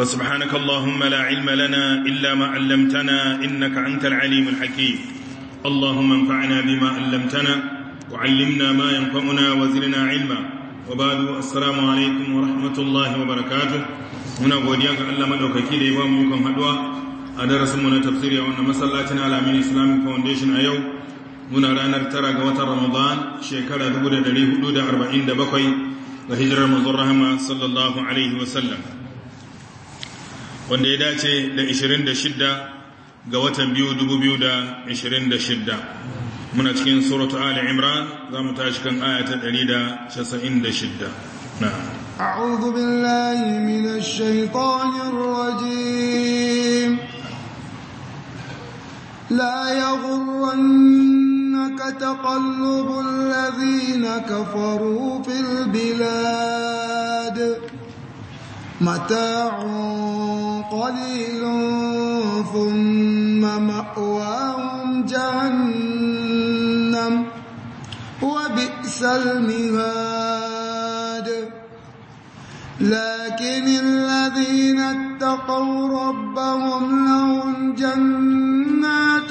فسبحانك اللهم لا علم لنا إلا ما علمتنا إنك أنت العليم الحكيم اللهم انفعنا بما علمتنا وعلمنا ما ينفعنا وزرنا علما وبعد السلام عليكم ورحمة الله وبركاته هنا godiya ga Allah madaukaki da ya ba mu yukan haɗuwa. a darasinmu na tafsiri a wannan masallacin Alamin Islamic Foundation a yau muna ranar tara ga watan Ramadan shekara 1447 da hijirar manzon rahma sallallahu wanda ya dace da 26 ga watan biyu 2026 muna cikin suratu ali imran za mu tashi kan aya ta 196 na'am أعوذ بالله من الشيطان الرجيم لا يغرنك تقلب الذين كفروا في البلاد متاع قليل ثم مأواهم جهنم وبئس المهاد لكن الذين اتقوا ربهم لهم جنات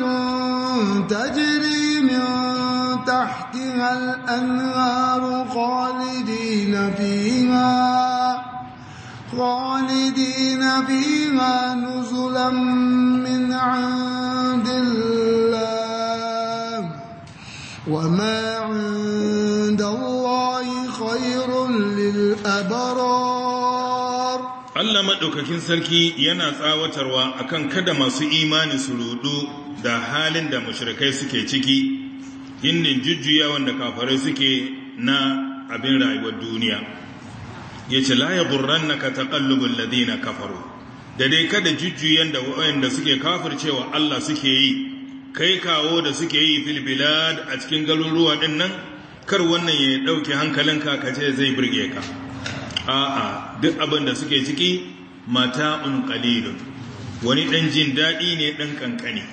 تجري من تحتها الأنهار خالدين فيها خالدين فيها نزلا من عند الله وما عند الله خير للأبرار Allah maɗaukakin sarki yana tsawatarwa akan kada masu imanin su da halin da mashirkai suke ciki, yin jujjuya da kafarai suke na abin rayuwar duniya. Ya yace la yaghurrannaka taqallubul ladina kafaru da dai kada jujjuyen da wayanda suke cewa Allah suke yi kai kawo da suke yi fil a cikin galuruwa din nan kar wannan ya ɗauke hankalinka ka ce zai burge ka a'a duk abin da suke ciki mata un ƙalilun wani ɗan jin daɗi ne ɗan ƙanƙani.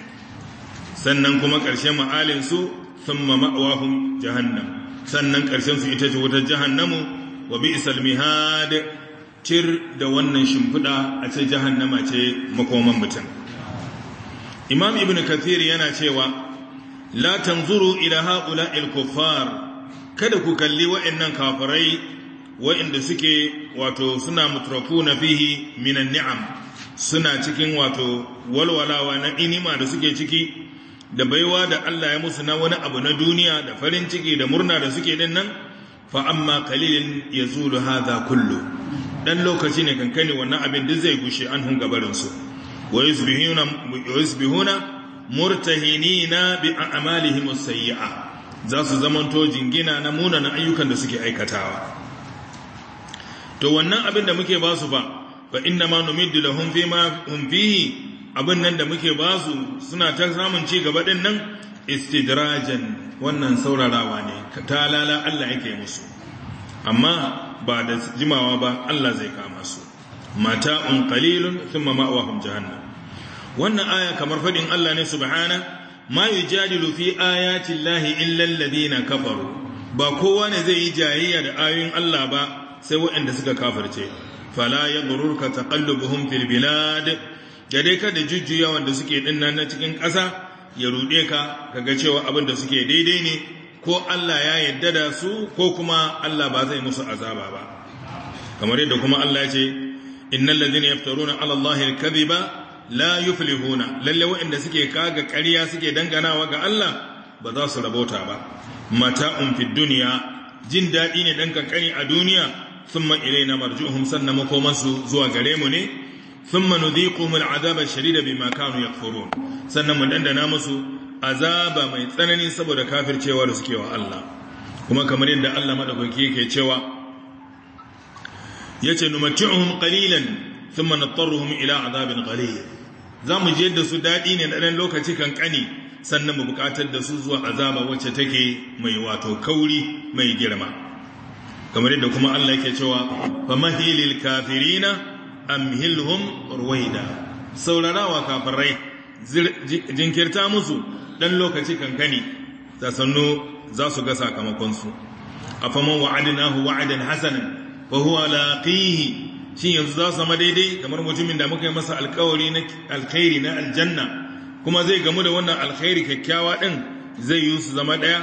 sannan kuma ƙarshen ma'alinsu sun ma ma'awahum jahannam sannan ƙarshen su ita ce wutar jahannamu wa bi'sal mihad tir da wannan shimfida a ce jahannama ce makoman mutum imam ibnu kathir yana cewa la tanzuru ila il kuffar kada ku kalli wa'annan kafirai wa'anda suke wato suna mutrakuna fihi minan ni'am suna cikin wato walwalawa na inima da suke ciki da baiwa da Allah ya musu na wani abu na duniya da farin ciki da murna da suke din nan fa amma ya zulu haza kullu dan lokaci ne kankani wannan abin duk zai gushe an hun gabarin su wa yusbihuna yusbihuna murtahinina bi a'malihim as-sayyi'a za su zamanto jingina na munanan ayyukan da suke aikatawa to wannan abin da muke ba su ba fa inna ma numiddu lahum fi ma abin nan da muke ba su suna ta samun ci gaba din nan istidrajan wannan saurarawa ne ta lala Allah yake musu amma ba da jimawa ba Allah zai kama su Mata un qalilun thumma ma'wahum jahannam wannan aya kamar fadin Allah ne subhana ma yujadilu fi ayati llahi illa alladhina kafaru ba kowa ne zai yi jayayya da ayoyin Allah ba sai waɗanda suka kafirce fala yaghrurka taqallubuhum fil bilad gade ka da jujjuya wanda suke dinnan na cikin ƙasa ya ruɗe ka kaga cewa abin da suke daidai ne ko Allah ya yarda da su ko kuma Allah ba zai musu azaba ba kamar yadda kuma Allah ya ce innal ladina yaftaruna ala allahi alkadhiba la yuflihuna lalle waɗanda suke kaga ƙarya suke danganawa ga Allah ba za su rabota ba mata'un fid dunya jin daɗi ne dan kankani a duniya sun ma'ilai na sannan makomansu zuwa gare mu ne thumma nudhiquhum al'azaba ash-shadida bima kanu yakfurun sannan mu dandana musu azaba mai tsanani saboda kafircewa da suke wa Allah kuma kamar yadda Allah madaukaki yake cewa yace numatti'uhum qalilan thumma nattaruhum ila azabin qalil zamu je da su dadi ne na dan lokaci kankani sannan mu bukatar da su zuwa azaba wacce take mai wato kauri mai girma kamar yadda kuma Allah yake cewa famahilil kafirina amhilhum ruwaida saurarawa kafirai jinkirta musu dan lokaci kankani da sannu za su ga sakamakonsu a faman wa'adinahu wa'adan hasanan fa huwa laqihi shin yanzu za su zama daidai kamar mutumin da muka yi masa alkawari na alkhairi na aljanna kuma zai gamu da wannan alkhairi kyakkyawa ɗin, zai yi su zama ɗaya,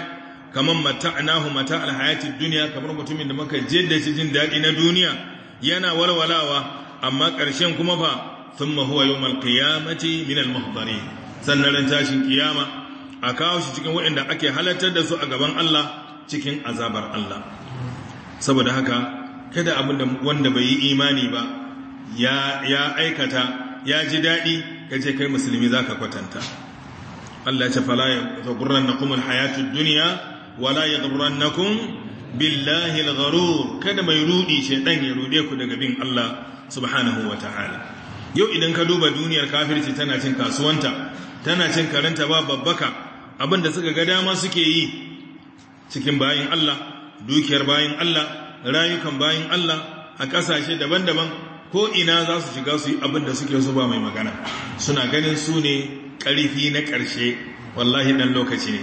kamar mata'nahu mata alhayati duniya kamar mutumin da muka jidda jin daɗi na duniya yana walwalawa amma ƙarshen kuma fa sun huwa yau qiyamati min al sannan ran tashin kiyama a kawo shi cikin waɗanda ake halartar da su a gaban Allah cikin azabar Allah saboda haka kada abin da wanda bai yi imani ba ya aikata ya ji daɗi kace kai musulmi zaka kwatanta Allah ya ce fala na kuma hayatud duniya, wala yaghurrannakum billahi al kada mai rudi shedan ya rude ku daga bin Allah subhanahu wa ta'ala yau idan ka duba duniyar kafirci tana cin kasuwanta tana cin karanta ba babbaka abinda suka ga dama suke yi cikin bayin Allah dukiyar bayin Allah rayukan bayin Allah a ƙasashe daban-daban ko ina za su shiga su yi abinda suke su ba mai magana suna ganin su ne ƙarfi na karshe wallahi ɗan lokaci ne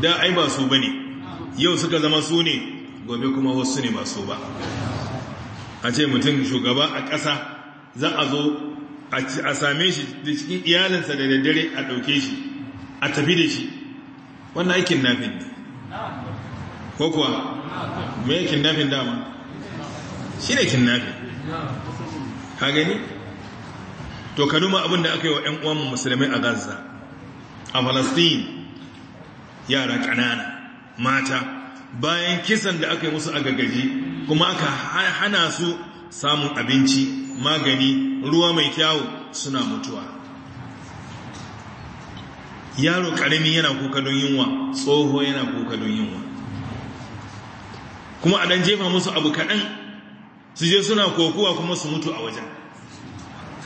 da ai ba su bane yau suka zama su ne gobe kuma wasu ne ba su ba a ce mutum shugaba a ƙasa za a zo a same shi da cikin iyalinsa da daddare a ɗauke shi a tafi da shi wannan aikin nafin ne ko kuwa mai kin nafin dama shi ne kin nafin ha gani to ka numa abin da aka yi wa 'yan uwan musulmai a gaza a palestine yara ƙanana mata bayan kisan da aka yi musu a gagaji kuma aka hana su samun abinci magani ruwa mai kyawu suna mutuwa yaro karami yana kuka don yunwa tsoho yana kuka don yunwa kuma a dan jefa musu abu kaɗan su je suna kokowa kuma su mutu a wajen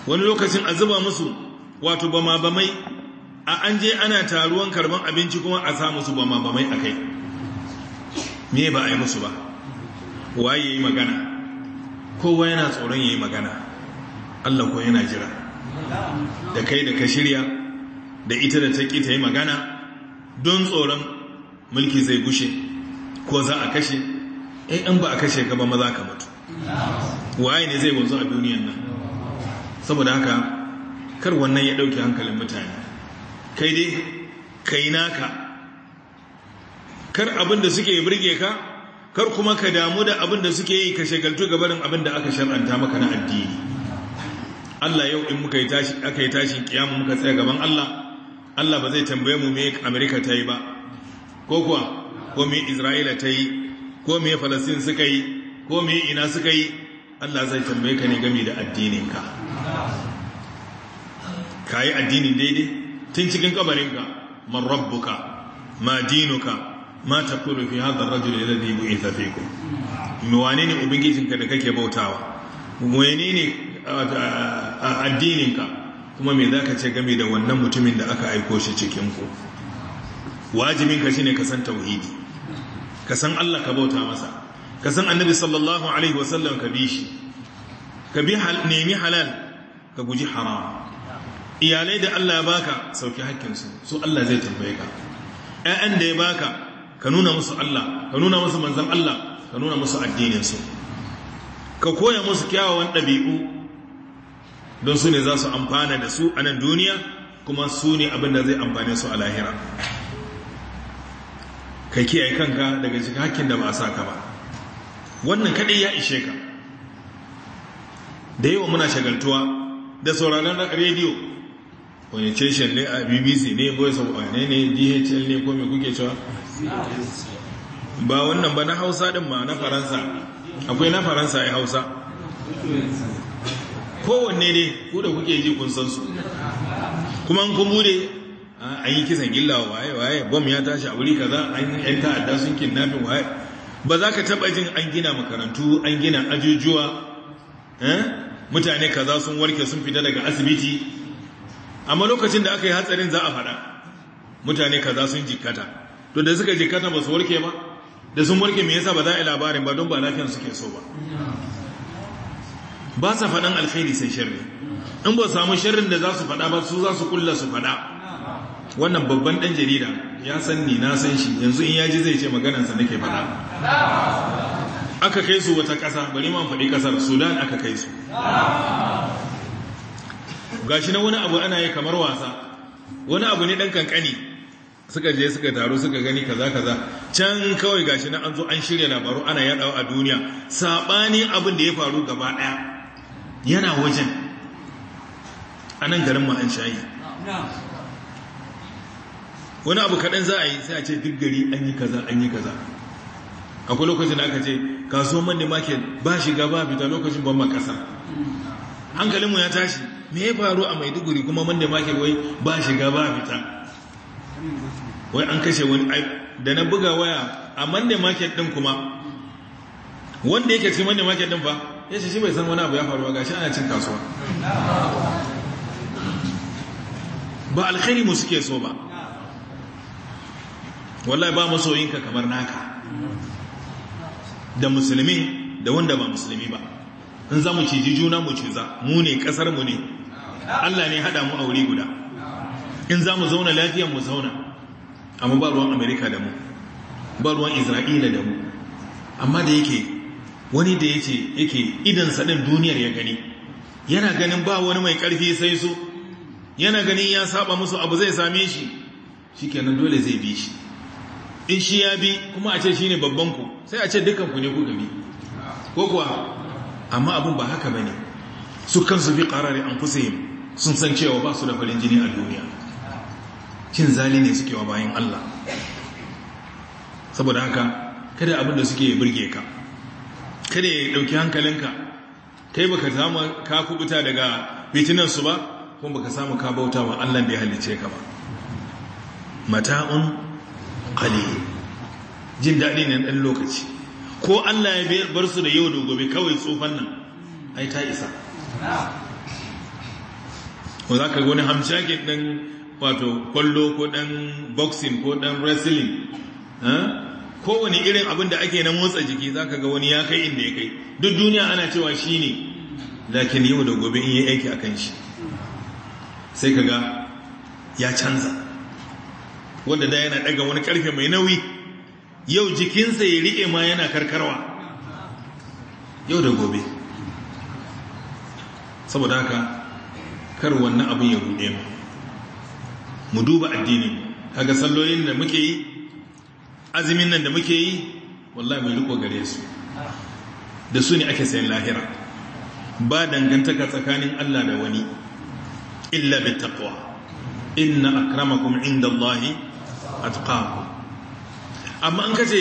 wani lokacin a zuba musu wato bama bamai a an je ana taruwan karban abinci kuma a sa musu bama bamai a kai me ba a yi musu ba waye yayi magana kowa yana tsoron yi magana Allah ko yana jira da kai da ka shirya da ita da ta ta yi magana don tsoron mulki zai gushe ko za a kashe eh an ba a kashe ka ba maza ka mutu waye ne zai wanzu a duniyan nan saboda haka kar wannan ya ɗauki hankalin mutane kai dai kai naka kar abin da suke burge ka kar kuma ka damu da abin da suke yi ka shagaltu gabarin abin da aka shar'anta maka na addini Allah yau in muka yi tashi aka yi tashi kiyamu muka tsaya gaban Allah Allah ba zai tambaye mu me America ta yi ba ko kuwa ko me Isra'ila ta yi ko me Palestine suka yi ko me ina suka yi Allah zai tambaye ka ne game da addininka ka yi addinin daidai tun cikin kabarinka man rabbuka ma dinuka ma taqulu fi hadha ar-rajul alladhi bu'itha fikum mi wane ne ubangijinka da kake bautawa wane ne addininka kuma me ka ce game da wannan mutumin da aka aiko shi cikin ku wajibinka shine ka san tauhidi ka san Allah ka bauta masa ka san annabi sallallahu alaihi wasallam ka bi shi ka bi nemi halal ka guji haram iyalai da Allah ya baka sauki hakkinsu su Allah zai tambaye ka Ya'yan da ya baka ka nuna musu Allah ka nuna musu manzan Allah ka nuna musu addininsu ka koya musu kyawawan ɗabi'u don su ne za su amfana da su a nan duniya kuma su ne abin da zai amfane su a lahira ka kiyaye kanka daga cikin hakkin da ba a sa ka ba wannan kaɗai ya ishe ka da yawa muna shagaltuwa da sauraron rediyo wani ceshen ne a bbc ne voice of ne ne dhl ne ko mai kuke cewa ba wannan ba na hausa din ma na faransa akwai na faransa ya hausa kowanne ne ku da kuke ji kun san su kuma kun bude an yi kisan gilla waye waye bom ya tashi a wuri kaza an yan ta'adda sun kidnapping waye ba za ka taba jin an gina makarantu an gina ajujuwa eh? mutane kaza sun warke sun fita daga asibiti amma lokacin da aka yi hatsarin za a fada mutane kaza sun jikkata to da suka jikata ba su warke ba da sun warke me yasa ba za a yi labarin ba don ba lafiyar suke so ba ba sa faɗan alkhairi sai sharri in ba samu shirin da za su faɗa ba su za su kulla su faɗa wannan babban ɗan jarida ya san ni na san shi yanzu in yaji zai ce maganarsa nake faɗa aka kai su wata ƙasa bari ma faɗi ƙasar sudan aka kai su gashi na wani abu ana yi kamar wasa wani abu ne ɗan kankani suka je suka taru suka gani kaza kaza can kawai gashi na an zo an shirya labaru ana yadawa a duniya sabani abin da ya faru gaba daya yana wajen a garin mu an shayi wani abu kaɗan za a yi sai a ce duk gari an yi kaza an yi kaza akwai lokacin da aka ce kasuwan man ne market ba shiga ba fita lokacin ban makasa hankalin mu ya tashi me ya faru a maiduguri kuma man ne market wai ba shiga ba fita wai an kashe wani da na buga waya a manne market din kuma wanda yake cikin manne market din fa ya shi shi bai san wani abu ya faruwa gashi ana cin kasuwa ba alkhairi mu suke so ba wallahi ba masoyinka kamar naka da musulmi da wanda ba musulmi ba in za mu ciji juna mu ciza mu ne kasar mu ne Allah ne haɗa mu aure guda in za mu zauna lafiya mu zauna amma ba ruwan amerika da mu ba ruwan isra'ila da mu amma da yake wani da yake yake idan sadin duniyar ya gani yana ganin ba wani mai karfi sai su yana ganin ya saba musu abu zai same shi kenan dole zai bi shi in shi ya bi kuma a ce ne babban ku sai a ce dukkan ku ne ku gabi ko kuwa amma abun ba haka ba bane su kansu bi qarari anfusihim sun san cewa ba su da farin jini a duniya cin zali ne suke wa bayan Allah saboda haka kada abin da suke burge ka kada ya dauki hankalinka kai baka samu ka kubuta daga fitinan su ba kuma baka samu ka bauta wa Allah da ya halice ka ba mata'un qalil jin dadi ne dan lokaci ko Allah ya bar su da yau da gobe kawai tsofan nan ai ta isa ko zaka ga wani hamshakin dan wato kwallo ko dan boxing ko dan wrestling kowane irin abin da ake na motsa jiki zaka ga wani ya kai inda ya kai duk duniya ana cewa shi ne lakin yau da gobe in yi aiki a kan shi sai ka ga ya canza wanda da yana daga wani karfe mai nauyi yau jikinsa ya riƙe ma yana karkarwa yau da gobe saboda haka kar wannan abin ya ruɗe mu mu duba addini kaga salloyin da muke yi azumin nan da muke yi wallahi mai riko gare su da su ne ake sayan lahira ba dangantaka tsakanin Allah da wani illa bi taqwa inna akramakum indallahi atqakum amma an kace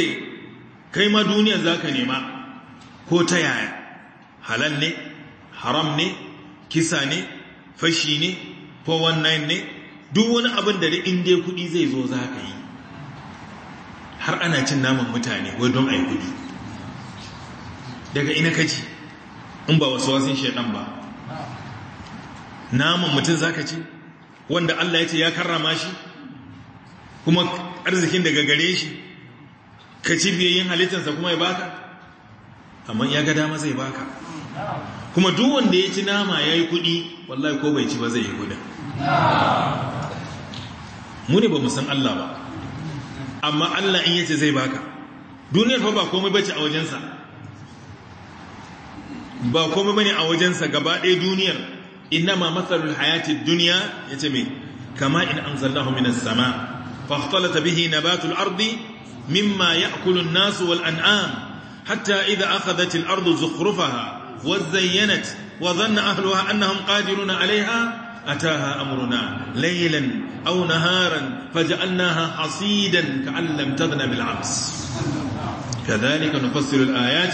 kai ma duniya zaka nema ko ta yaya halal ne haram ne kisa ne fashi ne 419 ne duk wani abin da in dai kuɗi zai zo za ka yi har ana cin naman mutane wai don a yi kuɗi daga ina kaci in ba wasu wasu shaɗan ba naman mutum za ka ci wanda Allah ya ce ya karrama shi kuma arzikin daga gare shi ka ci biyayyen halittarsa kuma ya baka amma ya ga dama zai baka kuma duk wanda ya ci nama ya yi kuɗi wallahi ko bai ci ba zai yi kuɗi. mu ne ba mu san Allah ba amma Allah in yace zai baka duniyar ba komai bace a wajensa ba komai bane a wajensa gaba ɗaya duniyar innama matsalul hayatid duniya yace me kama in anzalnahu minas sama فاختلط به نبات الأرض مما يأكل الناس والأنعام حتى إذا أخذت الأرض زخرفها وزينت وظن ahluha annahum قادرون عليها أتاها أمرنا ليلا أو نهارا فجعلناها حصيدا كأن لم تغن بالعبس كذلك نفسر الآيات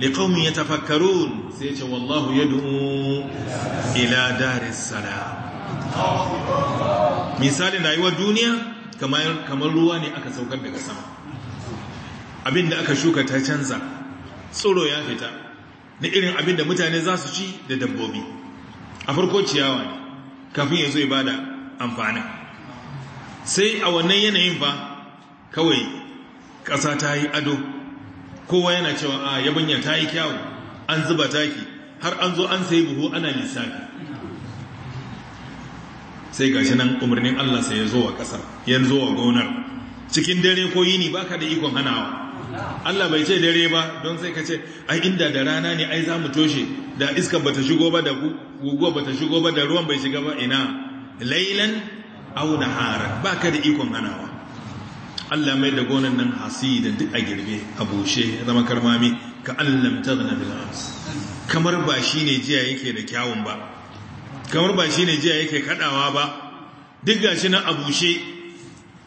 لقوم يتفكرون سيجي والله يدعو إلى دار السلام misalin rayuwar duniya kamar ruwa ne aka saukar daga sama da aka shuka ta canza tsoro ya fita na irin abin da mutane za su ci da dabbobi a farko ciyawa ne kafin ya zo ya bada amfanin sai a wannan yanayin ba, kawai ƙasa ta yi ado kowa yana cewa a yabanya ta yi kyawu an zuba taki har an zo an sai buhu ana lissafi sai gashi nan umarnin Allah sai ya zo wa ƙasar yanzu wa gonar cikin dare ko yini baka da ikon hanawa Allah bai ce dare ba don sai ka ce ai inda da rana ne ai za mu toshe da iska ba ta shigo ba da guguwa ba ta shigo ba da ruwan bai shiga ba ina lailan au nahara ba ka da ikon hanawa Allah mai da gonan nan hasidan duk a girbe a bushe zama karmami ka allam tazna bil kamar ba shine jiya yake da kyawun ba kamar ba shine jiya yake kadawa ba duk gashi nan a bushe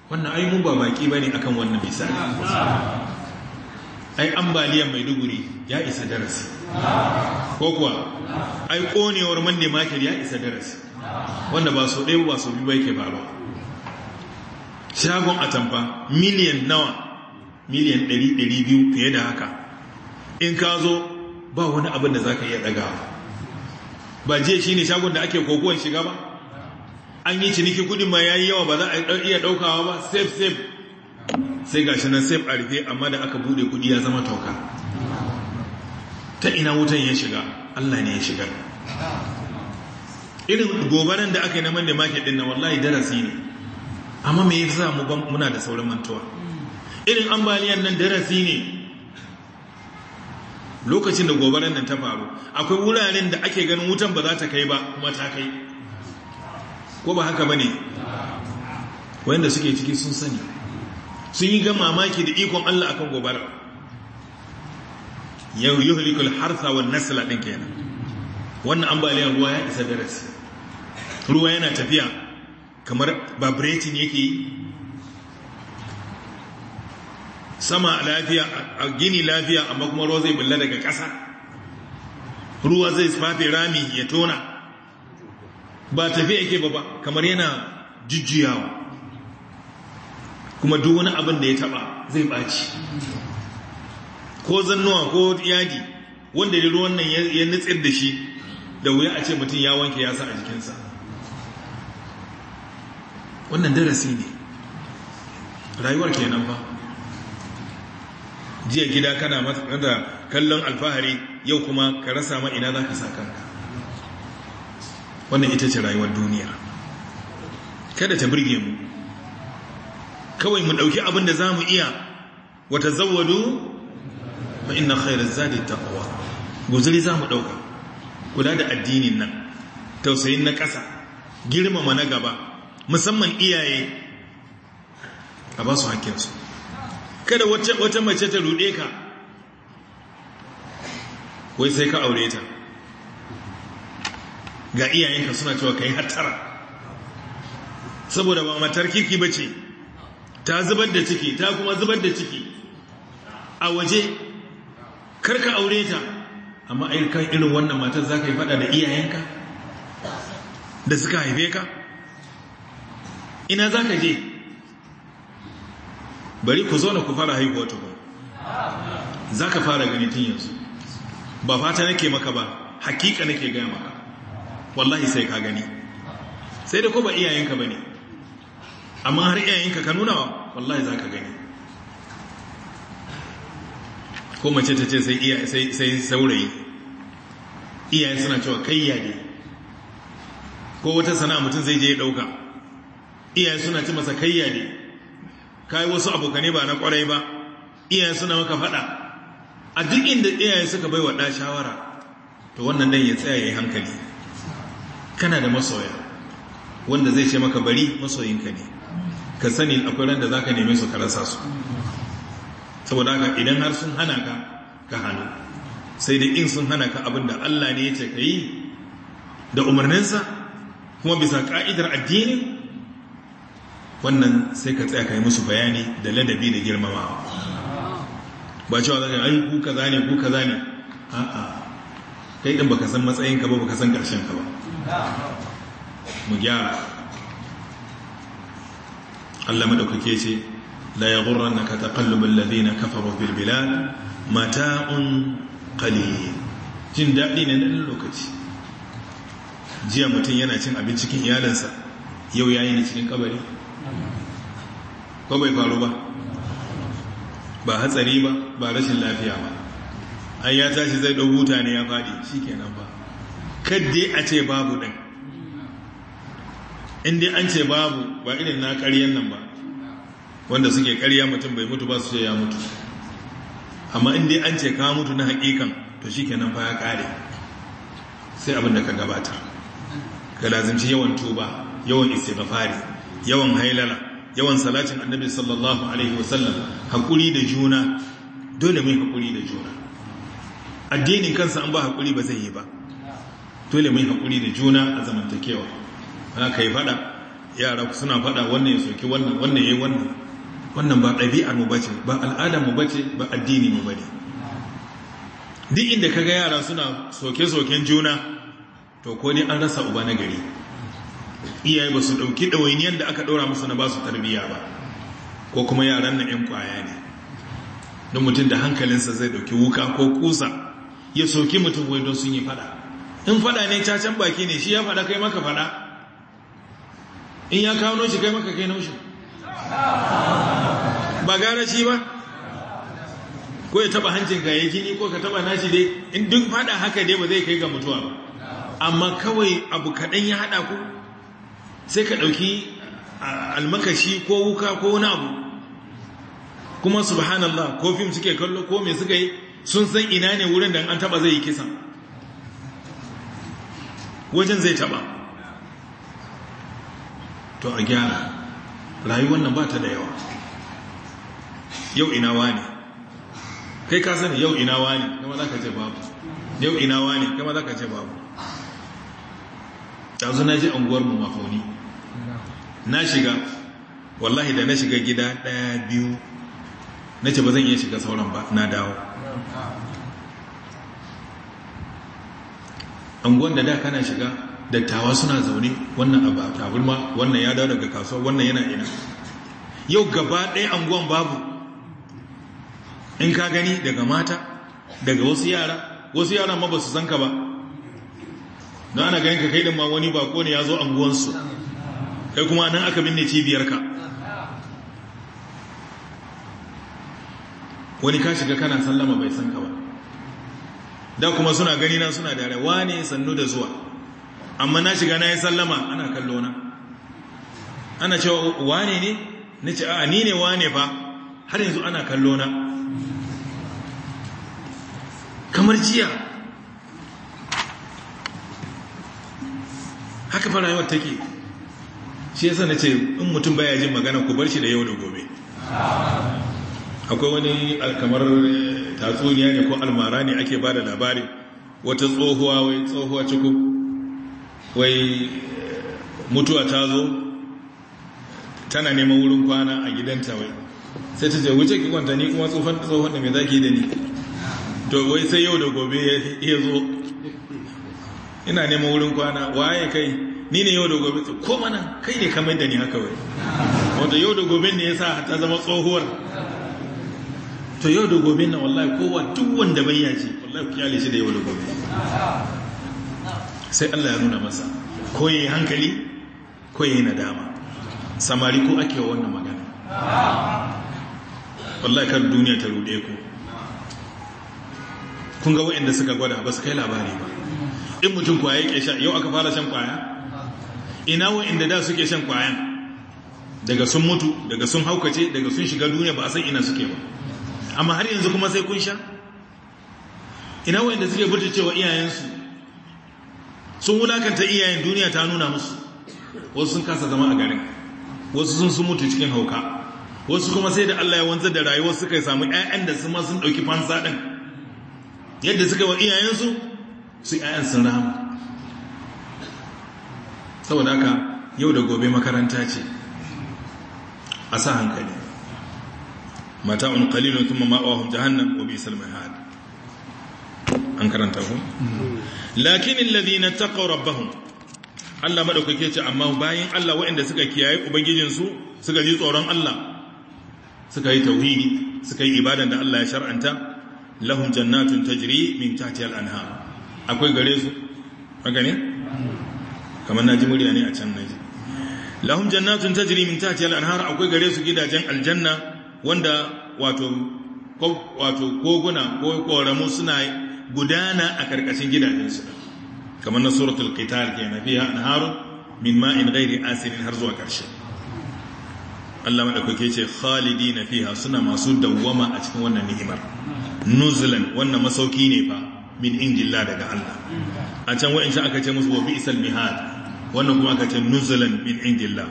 wannan ai mun ba baki bane akan wannan misali ai ambaliyar maiduguri ya isa darasi ko kuwa ai konewar monday ya isa darasi wanda ba so ɗaya ba so biyu ba yake baro shagon a tamfa miliyan nawa miliyan 200 fiye da haka in ka zo ba wani abin da za ka iya ɗagawa ba je shi ne shagon da ake kokowar shiga ba an yi ciniki kudin ma ya yi yawa ba za a iya ɗaukawa ba safe safe sai gashi nan sai a rufe amma da aka bude kudi ya zama tauka ta ina wutan ya shiga Allah ne ya shigar irin gobanan da aka yi na mande market din na wallahi darasi ne amma me za mu muna da sauran mantuwa irin ambaliyan nan darasi ne lokacin da gobaran nan ta faru akwai wuraren da ake ganin wutan ba za ta kai ba kuma ta kai ko ba haka ba ne? wanda suke ciki sun sani sun yi ga mamaki da ikon Allah akan gobara yau yi harfa wa nasila nasla ke kenan wannan ambaliyar ruwa ya isa darasi ruwa yana tafiya kamar vibrating yake yi sama lafiya a gini lafiya amma kuma ruwa zai bulla daga ƙasa ruwa zai fafe rami ya tona ba tafiya yake ba kamar yana jujjuyawa kuma duk wani abin da ya taba zai baci ko zannuwa ko yaji wanda ya ruwan nan ya nutsir da shi da wuya a ce mutum ya wanke yasa a jikinsa wannan darasi ne rayuwar kenan ba jiya gida kana mata kallon alfahari yau kuma ka rasa ma ina za ka sa kanka wannan ita ce rayuwar duniya kada ta birge mu kawai mu ɗauki abin da za mu iya wata zawadu ba ina khairar zadi taɓawa guzuri za mu ɗauka kula da addinin nan tausayin na ƙasa girmama na gaba musamman iyaye a ba su kada wata mace ta ruɗe ka wai sai ka aure ta ga iyayenka suna cewa ka yi hattara saboda ba matar kirki ba ce ta zubar da ciki ta kuma zubar da ciki a waje karka aure ta amma ayyukan irin wannan matar za ka yi fada da iyayenka da suka haife ka ina za ka je bari ku zauna ku fara haihuwa ta za ka fara gani tun yanzu ba fata nake maka ba hakika nake gaya maka wallahi sai ka gani sai da ko ba iyayenka ba ne amma har iyayenka ka nuna wa wallahi za ka gani ko mace ta ce sai saurayi iyaye suna cewa kai yage ko wata sana'a mutum zai je ya ɗauka iyaye suna ci masa kai yage kayi wasu abokane ba na kwarai ba iyaye suna maka faɗa a duk inda iyaye suka bai wa shawara to wannan dan ya tsaya ya yi hankali kana da masoya wanda zai ce maka bari masoyinka ne ka sani akwai ran da za ka neme su ka rasa su saboda haka idan har sun hana ka ka hana sai dai in sun hana ka abinda Allah ne ya ce ka yi da umarninsa kuma bisa ka'idar addini wannan sai ka tsaya ka yi musu bayani da ladabi da girmamawa ba cewa za ka yi ku ka zane ku ka zane a'a kai din ka san matsayinka ba ka san karshen ka ba mu gyara Allah madaukake ce la yaghurrannaka taqallubul na kafaru bil bilad mata'un qalil jin daɗi ne na lokaci jiya mutum yana cin abinci cikin iyalinsa yau yayi ne cikin kabari ko bai faru ba ba hatsari ba ba rashin lafiya ba ai ya tashi zai ɗau huta ne ya faɗi shi shikenan ba kadde a ce babu ɗan. in dai an ce babu ba irin na kariyan nan ba wanda suke ƙarya mutum bai mutu ba su ce ya mutu amma in dai an ce ka mutu na hakikan, to shi kenan fa ya ƙare sai abin da ka gabata ka lazimci yawan tuba yawan fari, yawan hailala yawan salacin annabi sallallahu alaihi wasallam haƙuri da juna dole mai haƙuri da juna addinin kansa an ba haƙuri ba zai yi ba dole mai haƙuri da juna a zamantakewa aka yi fada yara suna fada wannan ya soki wannan wannan ya wannan wannan ba ɗabi'ar mu bace ba al'adar mu bace ba addini mu bane duk inda kaga yara suna soke-soken juna to ko ne an rasa uba na gari iyaye ba su ɗauki ɗawainiyar da aka ɗora musu na ba su tarbiyya ba ko kuma yaran na 'yan kwaya ne don mutum da hankalinsa zai ɗauki wuka ko kusa ya soki mutum wai don sun yi fada in fada ne cacan baki ne shi ya fada kai maka fada in ya kawo noshi kai maka kai noshi ba gara shi ba ko ya taba hancin jini ko ka taba nashi dai in duk fada haka dai ba zai kai ga mutuwa ba amma kawai abu kaɗan ya haɗa ku sai ka ɗauki almakashi ko wuka ko wani abu kuma subhanallah ko fim suke kallo ko mai suka yi sun san ina ne wurin da an taba zai yi kisan wajen zai taba to a gyara rayuwar nan ba ta da yawa yau ina ne? kai ka sani yau ina ne? kama za ka ce babu yau ina ne? kama za ka ce babu yanzu na je anguwar mu mafauni na shiga wallahi da na shiga gida ɗaya biyu na ce ba zan iya shiga sauran ba na dawo unguwar da da kana shiga dattawa suna zaune wannan abu a taburma wannan ya dawo daga kasuwa wannan yana ina yau gaba ɗaya anguwan babu in ka gani daga mata daga wasu yara wasu yara ma ba su san ka ba don ana ganin ka kai ma wani bako ne ya zo anguwansu kai kuma nan aka binne cibiyarka wani ka shiga kana sallama bai san ka ba da kuma suna gani na suna da rawa ne sannu da zuwa amma na shiga na yi sallama ana kallo ana cewa wane ne na ce a ni ne wane fa har yanzu ana kallo kamar jiya haka fara yawar take shi yasa na ce in mutum baya jin magana ku bar shi da yau da gobe akwai wani kamar eh, tatsuniya ne ko almara ne ake ba da labari wata tsohuwa wai tsohuwa cikin wai mutuwa ta zo tana neman wurin kwana a gidanta wai sai ta ce wuce ki kwanta ni kuma tsofan tsohon da mai zaki da ni to wai sai yau da gobe ya zo ina neman wurin kwana waye kai ni ne yau da gobe ko mana kai ne kamar da ni haka wai wanda yau da gobe ne ya sa ta zama tsohuwar to yau da gobe na wallahi kowa duk wanda bai wallahi ku kyale shi da yau da gobe sai Allah ya nuna masa ko yi hankali ko yi nadama samari ko ake wannan magana wallahi kan duniya ta rude ku kun ga waɗanda suka gwada ba su kai labari ba in mutum kwaya yake sha yau aka fara shan kwaya ina waɗanda da suke shan kwayan daga sun mutu daga sun haukace daga sun shiga duniya ba a san ina suke ba amma har yanzu kuma sai kun sha ina waɗanda suke burta cewa iyayensu sun wulakanta iyayen duniya ta nuna musu wasu sun kasa zama a garin wasu sun sun mutu cikin hauka wasu kuma sai da Allah ya wanzar da rayuwar suka samu ƴaƴan da su ma sun ɗauki fansa ɗin yadda suka wa iyayensu su ƴaƴan sun rama saboda haka yau da gobe makaranta ce a sa hankali mata'un qalilun thumma ma'awahum jahannam wa bi'sal mahad an karanta ku lakinin ladina taqaw rabbahum Allah maɗaukake ce amma bayan Allah waɗanda suka kiyaye ubangijinsu suka ji tsoron Allah suka yi tauhidi suka yi ibadan da Allah ya shar'anta lahum jannatun jiri min ta al-anhar akwai gare su magani? kamar na ji murya ne a can na ji. lahum jannatun jiri min ta al-anhar akwai gare su gidajen aljanna wanda wato koguna ko ƙoramu suna gudana a karkashin gidajensu kamar na suratul na kenan na Harun. min ma'in ghairi asirin har zuwa karshe Allah madaukake ce khalidina fiha suna masu dawwama a cikin wannan ni'imar nuzulan wannan masauki ne fa min injilla daga Allah a can wa'in aka ce musu wa bi'sal mihad wannan kuma aka ce nuzulan min injilla.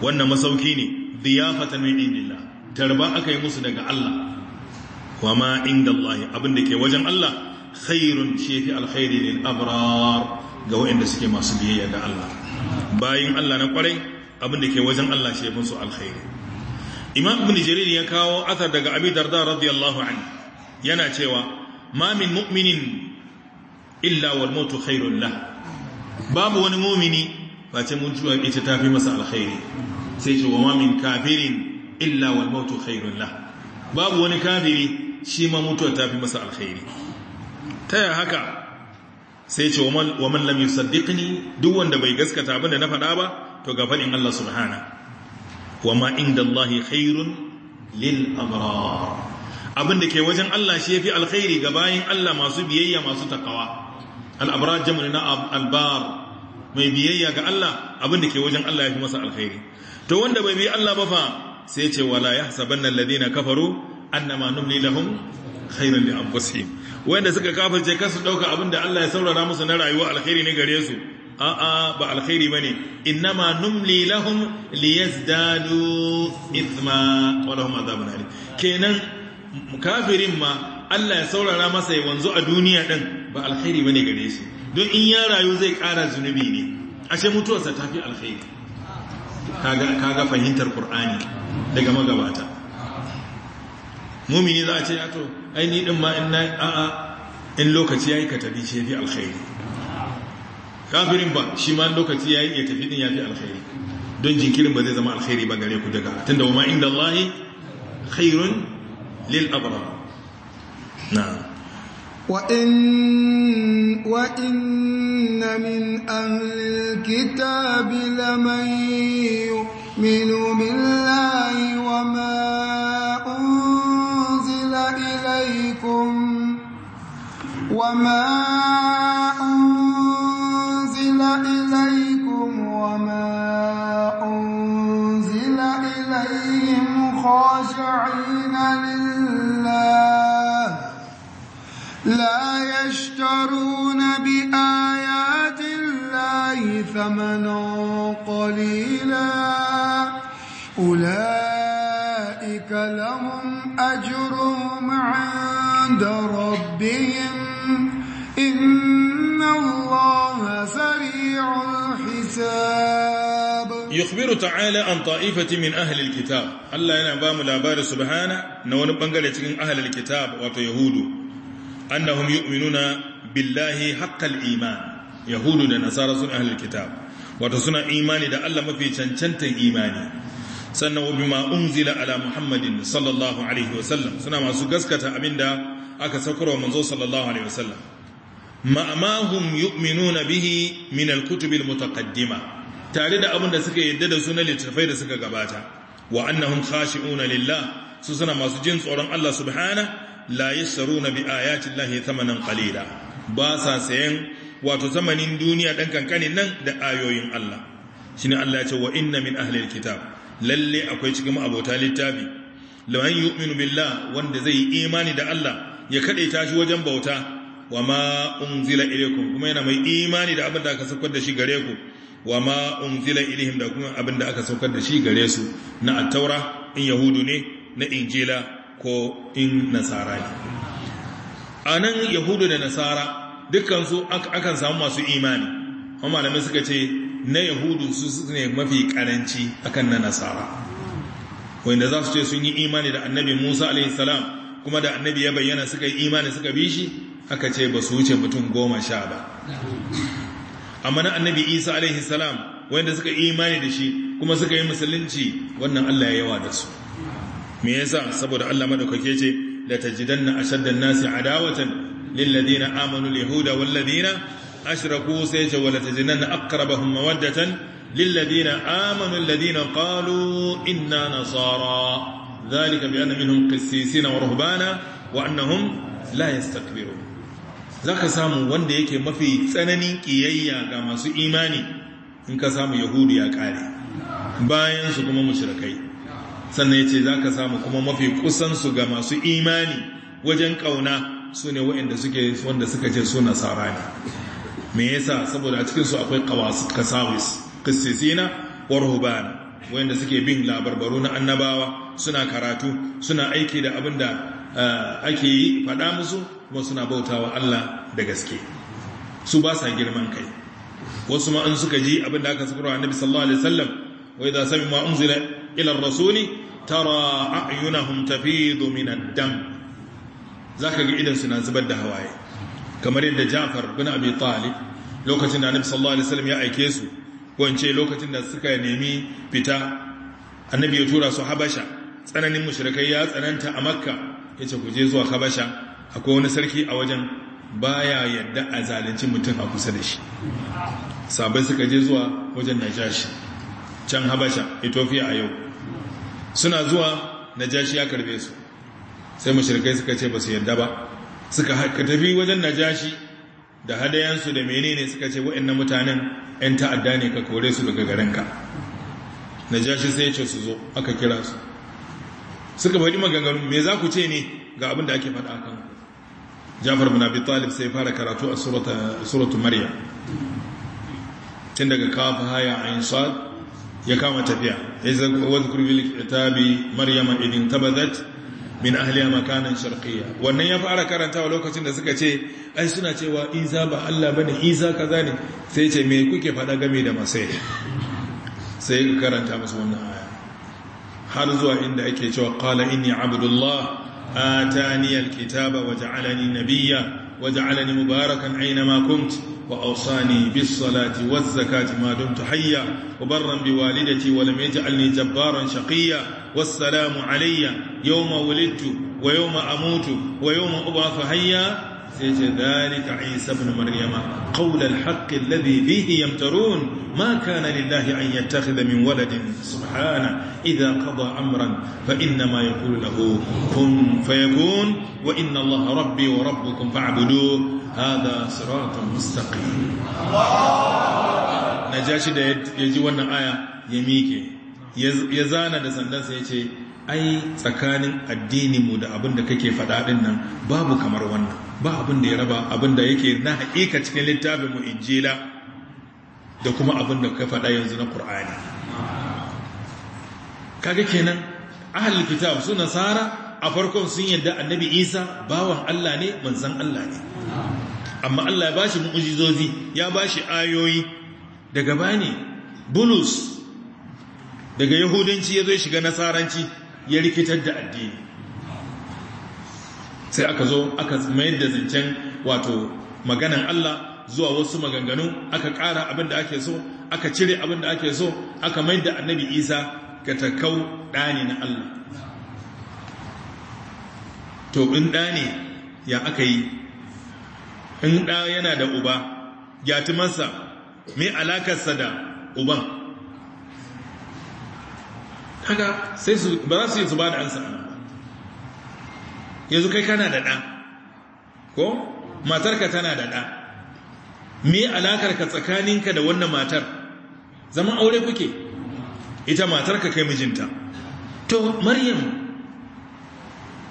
wannan masauki ne diyafatan min injilla. tarba aka yi musu daga Allah wa ma inda Allah abin da ke wajen Allah khairun shi fi alkhairi lil abrar ga waɗanda suke masu biyayya ga Allah bayin Allah na kwarai abinda ke wajen Allah shi yafin su alkhairi imam ibn jarir ya kawo athar daga abi darda radiyallahu anhu yana cewa ma min mu'minin illa wal mautu khairul lah babu wani mu'mini face mutuwa ita tafi masa alkhairi sai ce wa ma min kafirin illa wal mautu khairul lah babu wani kafiri shi ma mutuwa tafi masa alkhairi taya haka sai ce wa man lam yusaddiqni duk wanda bai gaskata abin na fada ba to ga fadin Allah subhana wa ma indallahi khairun lil abrar abin da ke wajen Allah shi yafi alkhairi ga bayin Allah masu biyayya masu takawa al abrar jam'u na albar mai biyayya ga Allah abin da ke wajen Allah yafi masa alkhairi to wanda bai bi Allah ba fa sai ce wala yahsabanna alladhina kafaru annama numli lahum khairan li anfusihim wanda suka kafirce kansu dauka abinda Allah ya saurara musu na rayuwa alkhairi ne gare su a'a ba alkhairi bane innama numli lahum liyazdadu ithma wa lahum adhabun alim kenan kafirin ma Allah ya saurara masa ya wanzu a duniya din ba alkhairi bane gare su don in ya rayu zai kara zunubi ne ashe mutuwarsa tafi alkhairi kaga kaga fahimtar qur'ani daga magabata mumini za a ce ya to aini din ma in na a'a in lokaci yayi ka tafi shi fi alkhairi kafirin ba shi ma lokaci yayi ya tafi din yafi alkhairi don jinkirin ba zai zama alkhairi ba gare ku daga tunda wa ma inda Allahi khairun lil abrar na'am وإن, وإن من أهل الكتاب لمن يؤمن بالله وما أنزل إليكم وما أنزل إليهم خاشعين لله لا يشترون بآيات الله ثمنا قليلا أولئك لهم أجرهم عند ربهم الكتاب يخبر تعالى عن طائفة من أهل الكتاب الله ينبام لابار سبحانه نون بنغلتين أهل الكتاب وتيهود أنهم يؤمنون بالله حق الإيمان يهود ونصارى سن أهل الكتاب وتسن إيماني دا الله ما في چنچنت إيماني سنة وبما أنزل على محمد صلى الله عليه وسلم سنة ما سقسكت أمين دا أكسكر ومنزو صلى الله عليه وسلم ma'amahum yu'minuna bihi min al mutakaddima tare da abin da suka yadda da su na da suka gabata wa annahum khashi'una lillah su suna masu jin tsoron Allah subhana la yasruna bi ayati llahi thamanan qalila ba sa sayan wato zamanin duniya dan kankanin nan da ayoyin Allah shine Allah ya ce wa inna min ahli kitab lalle akwai cikin abota littafi lawan yu'minu billah wanda zai yi imani da Allah ya kade tashi wajen bauta wa ma unzila ilaykum kuma yana mai imani da abin da aka saukar da shi gare ku wa ma unzila ilaihim da kuma abin da aka saukar da shi gare su na at in yahudu ne na injila ko in nasara ne anan yahudu da nasara dukkan akan samu masu imani amma malamai suka ce na yahudu su ne mafi karanci akan na nasara wanda za su ce sun yi imani da annabi Musa alaihi salam kuma da annabi ya bayyana suka yi imani suka bi shi aka ce ba su wuce mutum goma sha ba amma na annabi isa alaihi salam wanda suka imani da shi kuma suka yi musulunci wannan allah ya yawa da su me yasa saboda allah madaukake ce la a shaddan nasi adawatan lil ladina amanu al yahuda wal ladina ashraku sai ce wala tajidanna aqrabahum mawaddatan lil amanu al ladina inna nasara ذلك بأن منهم قسيسين ورهبانا وأنهم لا يستكبرون za ka samu wanda yake mafi tsananin ƙiyayya ga masu imani in ka samu yahudu ya ƙare su kuma mushrikai sannan ya ce za ka samu kuma mafi kusansu ga masu imani wajen ƙauna su ne suke wanda suka ce su nasara ne me yasa saboda a cikinsu akwai kasawis kisisina warhuban Wayanda suke bin labarbaru na annabawa suna karatu suna aiki da abin da eh, ake yi faɗa musu kuma suna bautawa Allah da gaske su ba sa girman kai wasu ma suka ji abin da aka sakarwa annabi sallallahu alaihi wasallam wa idza sami'u ma unzila ila rasuli tara a'yunahum tafidu min ad-dam zaka ga idan suna zubar da hawaye kamar yadda Ja'far bin Abi Talib lokacin da annabi sallallahu alaihi wasallam ya aike su ko lokacin da suka nemi fita annabi ya tura su Habasha tsananin mushrikai ya tsananta a Makka yace ku je zuwa Habasha akwai wani sarki a wajen ba ya yadda a zalunci mutum a kusa da shi sabai suka je zuwa wajen najashi can habasha etofiya a yau suna zuwa najashi ya karbe su sai mashirkai suka ce ba su yadda ba suka tafi wajen najashi da hadayensu da menene suka ce wa'annan mutanen 'yan ta'adda ne ka kore su daga garinka najashi sai ya ce su zo aka kira su suka faɗi maganganu me za ku ce ne ga abin da ake faɗa kan jafar bin abi talib sai fara karatu a suratu maryam tun daga kafa haya a sad ya kama tafiya ya zaga wazkur bil kitabi maryama idin tabadat min ahliya makanan sharqiyya wannan ya fara karantawa lokacin da suka ce ai suna cewa isa ba Allah bane isa kaza ne sai ce me kuke fada game da masai sai ka karanta musu wannan aya har zuwa inda ake cewa qala inni abdullah آتاني الكتاب وجعلني نبيا وجعلني مباركا أينما كنت وأوصاني بالصلاة والزكاة ما دمت حيا وبرا بوالدتي ولم يجعلني جبارا شقيا والسلام علي يوم ولدت ويوم أموت ويوم أبعث حيا إذ ذلك عيسى بن مريم قول الحق الذي به يمترون ما كان لله أن يتخذ من ولد سبحانه إذا قضى أمرا فإنما يقول له كن فيكون وإن الله ربي وربكم فاعبدوه هذا صراط مستقيم نجاش يجي ونا آية يميكي يزانا دسان دس يجي ai tsakanin addininmu da abin da kake faɗa nan babu kamar wannan ba abin da ya raba abin da yake na haƙiƙa cikin littafinmu injila da kuma abin da ka faɗa yanzu na ƙur'ani kaga kenan ahal kitab su nasara a farkon sun yadda annabi isa bawan allah ne manzan allah ne amma allah ya bashi mu'ujizozi ya bashi ayoyi daga bani bulus daga yahudanci ya zai shiga nasaranci ya rikitar da addini sai aka zo aka mayar da zancen wato maganan Allah zuwa wasu maganganu aka kara abin da ake so aka cire abin da ake so aka mayar da annabi isa ga ta kau ɗani na allah to in ɗani ya aka yi in ɗa yana da uba gyatumarsa mai alakarsa da uban kaga sai su ba za su yi zuba ba da ansa yanzu kai kana da ɗa ko matarka tana da ɗa me alakar tsakaninka da wannan matar zama aure kuke ita matarka kai mijinta to maryam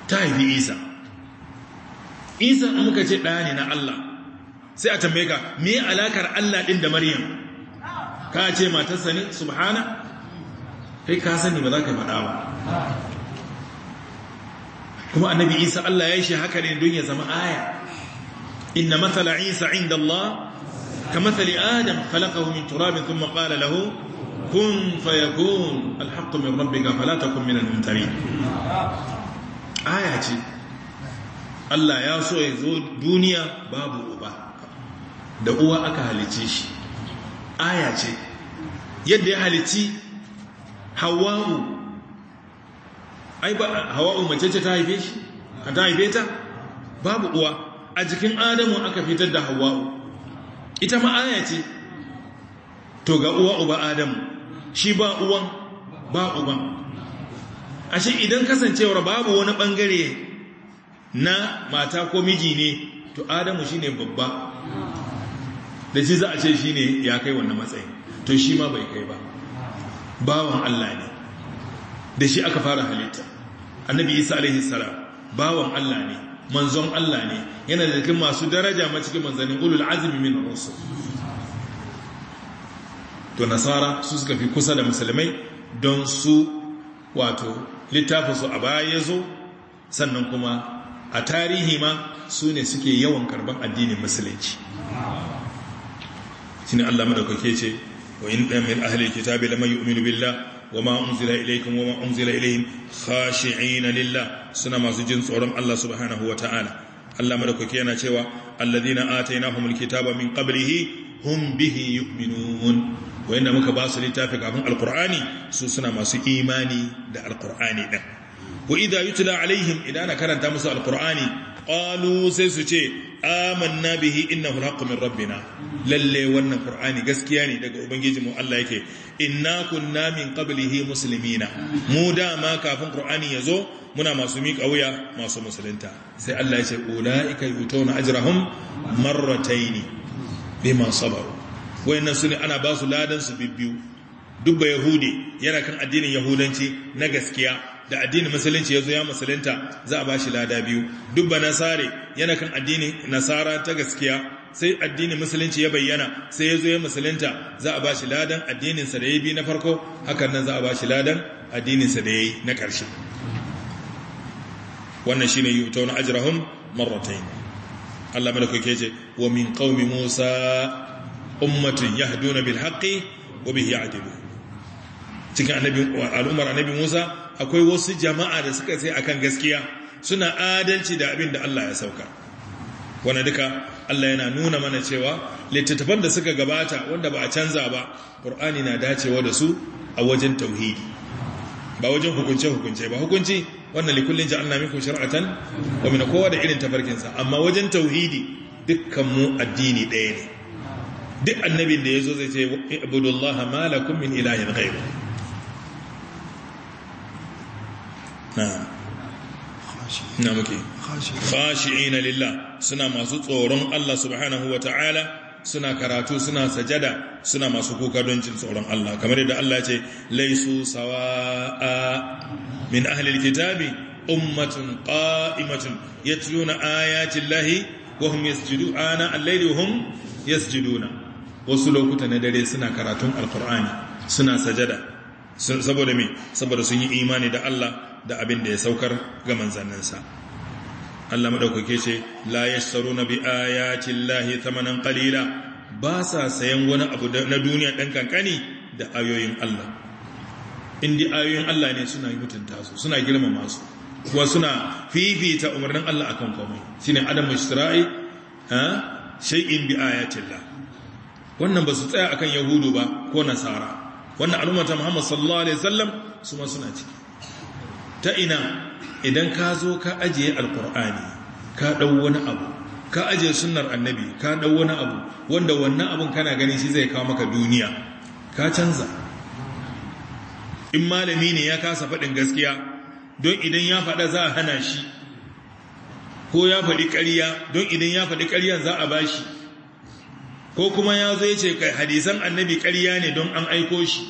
ta haifi isa isa muka ce ɗa ne na allah sai a tambaye ka me alakar allah ɗin da maryam ka ce matarsa ne subhana kai ka sani ba za ka faɗa ba kuma annabi isa Allah ya shi haka ne don ya zama aya inna matsala isa inda Allah ka matsali adam falakahu min turabin kuma ƙala lahu kun fayakun alhaƙu rabbi ga falata kun minan mutari aya ce Allah ya so ya zo duniya babu uba da uwa aka halice shi aya ce yadda ya halici hawa'u ai ba hawa'u mace ce ta haife shi a ta haife ta babu uwa a jikin adamu aka fitar da hawa'u ita ma aya ce to ga uwa uba adamu shi ba uwan ba uban ashe idan kasancewar babu wani bangare na mata ko miji ne to adamu shine babba da shi za a ce shi ne ya kai wannan matsayi? to shi ma bai kai ba bawan Allah ne da shi aka fara halitta annabi isa alaihi salam bawan Allah ne manzon Allah ne yana da cikin masu daraja ma cikin manzanin ulul azmi min rusul to nasara su suka fi kusa da musulmai don su wato littafin su a baya ya zo sannan kuma a tarihi ma su ne suke yawan karban addinin musulunci ne Allah madaukake ce وإن من أهل الكتاب لمن يؤمن بالله وما أنزل إليكم وما أنزل إليهم خاشعين لله سنة ما سجن صورم الله سبحانه وتعالى الله ملكك ينا شوى الذين آتيناهم الكتاب من قبله هم به يؤمنون وإن مكباس لتافق عن القرآن سنة ما سيماني دا القرآن ده wa idha yutla alaihim idan ana karanta musu alqur'ani qalu sai su ce amanna bihi innahu alhaqqu min rabbina lalle wannan qur'ani gaskiya ne daga ubangiji mu Allah yake inna kunna min qablihi muslimina mu da ma kafin qur'ani yazo muna masu miƙa wuya masu musulunta sai Allah ya ce ulaika yutuna ajrahum marrataini bima sabaru wayannan sune ana ba su ladan su bibbiyu dubba yahudi yana kan addinin yahudanci na gaskiya da addinin musulunci ya ya musulunta za a ba shi lada biyu Duk dubba nasare yana kan addinin nasara ta gaskiya sai addinin musulunci ya bayyana sai yazo ya musulunta za a ba shi ladan addininsa da ya bi na farko hakan nan za a ba shi ladan addininsa da ya na karshe wannan shine ne ajrahum wani allah malaka yake ce wa min qaumi musa ummatin ya bil haqqi wa bihi ya cikin al'ummar annabi musa akwai wasu jama'a da suka tsaye akan gaskiya suna adalci da abin da Allah ya sauka wanda duka Allah yana nuna mana cewa littattafan da suka gabata wanda ba a canza ba Qur'ani na dacewa da su a wajen tauhidi ba wajen hukunce hukunce ba hukunci wannan likullin ja'alna minkum shar'atan wa min kowa da irin sa amma wajen tauhidi dukkan mu addini ɗaya ne duk annabin da yazo zai ce ibudullaha malakum min ilahin ba. na muke khashi'ina lillah suna masu tsoron Allah subhanahu wa ta'ala suna karatu suna sajada suna masu kuka don jin tsoron Allah kamar yadda Allah ce laisu sawa'a min ahlil alkitabi ummatun qa'imatun yatluna ayati llahi wa hum yasjuduna al-layli wa hum yasjuduna wasu lokuta na dare suna karatun alqur'ani suna sajada saboda me saboda sun yi imani da Allah da abin da ya saukar ga manzanninsa Allah madaukake ce la yashtaruna bi ayati llahi thamanan qalila ba sa sayan wani abu na duniya dan kankani da ayoyin Allah indi ayoyin Allah ne suna mutunta su suna girmama su kuma suna fifita umarnin Allah akan komai shine adam istira'i ha shay'in bi ayati llah wannan ba su tsaya akan yahudu ba ko nasara wannan al'ummar Muhammad sallallahu alaihi wasallam su ma suna ciki ta ina idan ka zo ka ajiye alkur'ani ka ɗau wani abu ka ajiye sunnar annabi ka ɗau wani abu wanda wannan abun kana gani shi zai kawo maka duniya ka canza in malami ne ya kasa faɗin gaskiya don idan ya faɗa za a hana shi ko ya faɗi ƙarya don idan ya faɗi ƙarya za a bashi ko kuma ya zo ya ce hadisan annabi ƙarya ne don an aiko shi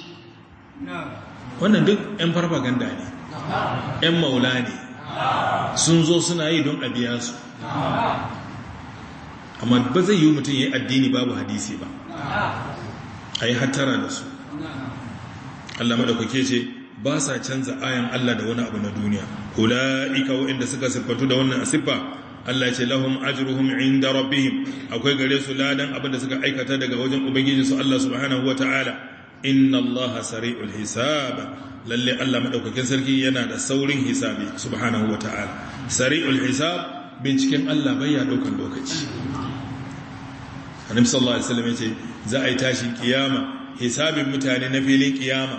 wannan duk 'yan farfaganda ne ‘yan maula ne sun zo suna yi don a biya su amma ba zai yi mutum ya yi addini babu hadisi ba a yi hattara da su Allah maɗaukake ce ba sa canza ayan Allah da wani abu na duniya ula'ika waɗanda suka siffatu da wannan siffa Allah ce lahum ajruhum inda rabbihim akwai gare su ladan abin da suka aikata daga wajen ubangijinsu Allah subhanahu ta'ala? inna Allah sari'ul hisaba. lalle Allah madaukakin sarki yana da saurin hisabi subhanahu wata'ala sari'ul hisab binciken Allah bayya daukan lokaci annabi sallallahu alaihi wasallam yace za a yi tashin kiyama hisabin mutane na filin kiyama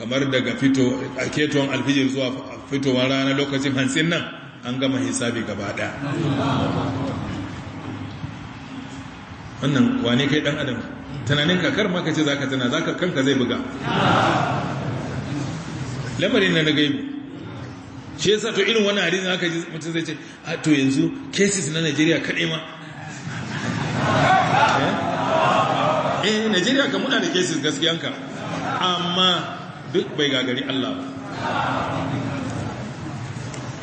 kamar daga fito a keton alfijir zuwa fitowar rana lokacin hansin nan an gama hisabi gaba daya wannan wane kai dan adam tunanin kakar maka ce zaka tana zaka kanka zai buga lamarin na gai gaibu shi yasa to irin wani hadisin haka mutum zai ce a to yanzu cases na Najeriya kaɗai ma eh, eh Najeriya ka muna da cases gaskiyanka amma duk bai gagari Allah ba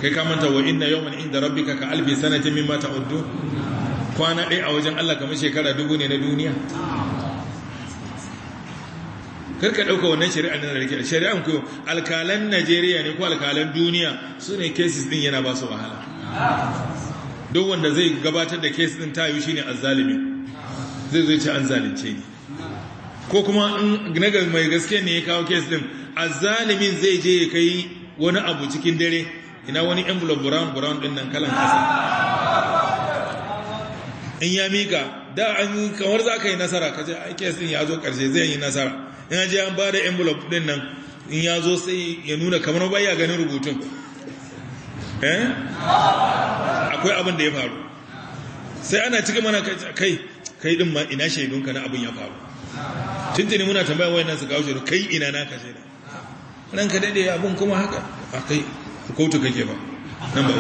kai ka manta wa inna yawman inda rabbika ka albi sanatin mimma ta'uddu kwana ɗaya a wajen Allah kamar shekara dubu ne na duniya karka ɗauka wannan shari'a nan rike shari'an ku alkalan Najeriya ne ko alkalan duniya su ne cases din yana ba su wahala duk wanda zai gabatar da case din shi ne azzalimi zai zai ci an zalunce ni ko kuma in mai gaske ne ya kawo case din azzalimin zai je ya kai wani abu cikin dare ina wani envelope brown brown din nan kalan kasa in ya mika da an kamar za ka yi nasara ka ce case din ya zo karshe zai yi nasara in aje an ba da envelope din nan in ya zo sai ya nuna kamar baya ganin rubutun eh akwai abin da ya faru sai ana cikin mana kai kai din ma ina shaidunka na abin ya faru tuntuni muna tambaya wayannan su kawo shaidu kai ina naka shaida ka dade abin kuma haka a kai kotu kake ba nan ba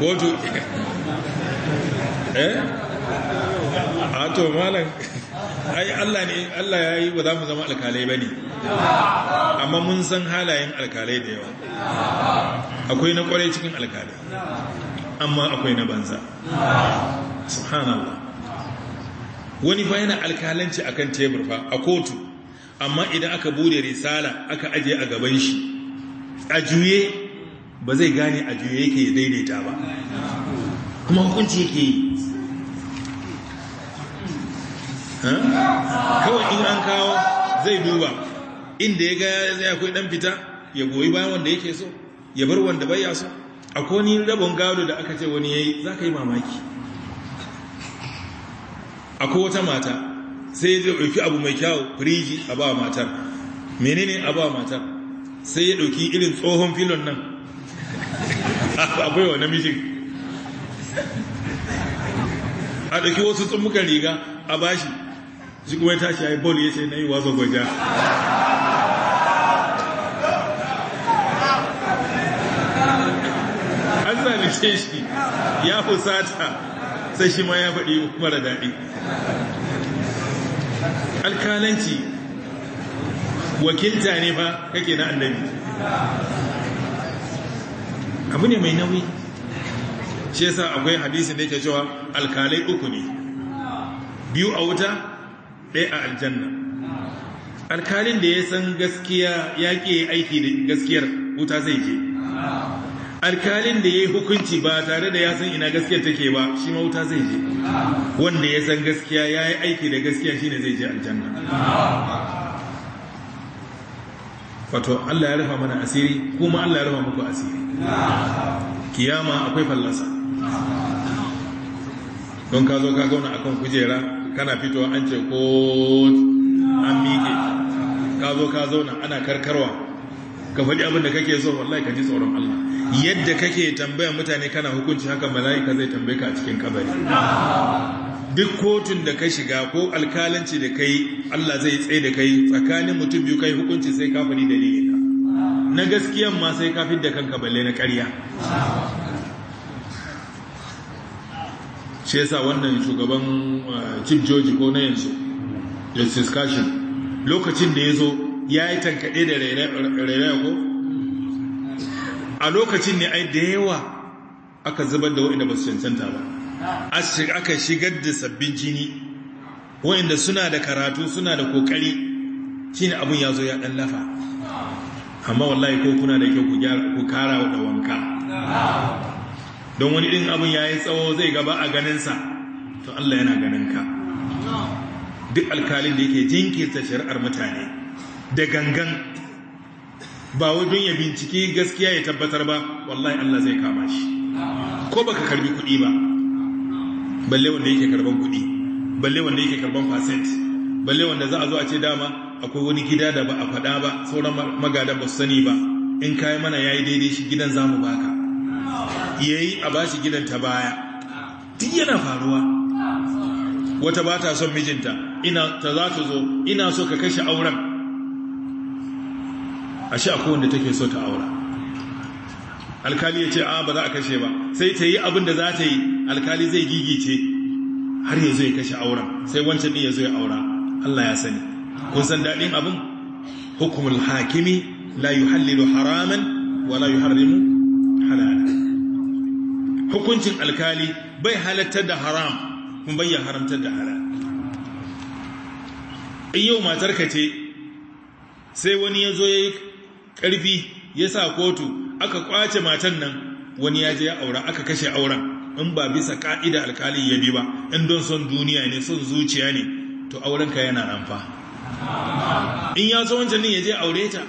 kotu eh a to malam ai Allah ne Allah ya yi ba za mu zama alkalai ba ne amma mun san halayen alkalai da yawa akwai na kwarai cikin alkalai amma akwai na banza subhanallah wani ba yana alkalanci akan tebur fa a kotu amma idan aka bude risala aka ajiye a gaban shi a juye ba zai gane a juye yake daidaita ba kuma hukunci yake yi kawai in an kawo zai duba inda ya gaya zai akwai dan fita ya goyi bayan wanda yake so ya bar wanda bai so akwai ni rabon gado da aka ce wani yayi za ka yi mamaki akwai wata mata sai ya ɗauki abu mai kyawu firiji a ba matar menene a ba matar sai ya ɗauki irin tsohon filon nan akwai wa namijin a ɗauki wasu tsummukan riga a bashi shi kuma ya tashi ya yi bol ya ce na yi wazo gwaja an ce shi ya fusata sai shi ma ya faɗi mara daɗi alkalanci wakilta ne ba kake na annabi abu ne mai nauyi shi yasa akwai hadisi da ke cewa alkalai uku ne biyu a wuta ɗaya a aljanna alkalin da ya san gaskiya ya ke aiki da gaskiyar wuta zai je alkalin da ya yi hukunci ba tare da ya san ina gaskiyar take ba shi ma wuta zai je wanda ya san gaskiya ya yi aiki da gaskiya shi ne zai je aljanna wato Allah ya rufa mana asiri kuma Allah ya rufa muku asiri kiyama akwai fallasa don ka zo ka zauna akan kujera kana fitowa an ce ko an miƙe ka zo ka zauna ana karkarwa ka faɗi abin da kake so wallahi ka ji tsoron Allah yadda kake tambaya mutane kana hukunci haka mala'ika zai tambaye ka a cikin kabari duk kotun da ka shiga ko alkalanci da kai Allah zai tsaye da kai tsakanin mutum biyu kai hukunci sai faɗi dalilina. na gaskiyan ma sai kafin da kanka balle na ƙarya shi yasa wannan shugaban uh, chief george ko na yanzu justice kashin lokacin da ya zo ya yi tankaɗe da rairaya ko a lokacin ne ai da yawa aka zubar da wa'inda ba su cancanta ba aka shigar da sabbin jini wa'inda suna da karatu suna da kokari shi ne abin ya zo ya ɗan lafa amma wallahi ko kuna da kyau ku kara da wanka don wani ɗin abin ya yi tsawo zai gaba a ganinsa to Allah yana ganin ka. duk alkalin da yake jinkirta shari'ar mutane da gangan ba wajen ya binciki gaskiya ya tabbatar ba wallahi Allah zai kama shi ko baka karbi kuɗi ba balle wanda yake karban kuɗi balle wanda yake karban percent balle wanda za a zo a ce dama akwai wani gida da ba a faɗa ba sauran magada ba su sani ba in kayi mana ya yi daidai shi gidan zamu baka ya yi a bashi gidan ta baya duk yana faruwa wata ba ta son mijinta ina ta za ta zo ina so ka kashe auren a shi akwai wanda take so ta aura alkali ya ce a ah, ba za a kashe ba sai ta yi abin da za ta yi alkali zai gigice har yanzu ya kashe auren sai wancan ɗin ya zo ya aura Allah ya sani kun san daɗin abin hukumul hakimi la yuhallilu haramin wa la yuharrimu hukuncin alkali bai halattar da haram kuma bayan haramtar da halal in yau matarka ce sai wani ya zo ya yi ƙarfi ya sa kotu aka kwace matan nan wani ya je ya aura aka kashe auren in ba bisa ka'ida alkali ya bi ba in don son duniya ne son zuciya ne to aurenka yana nan in ya zo wancan ne ya je aure ta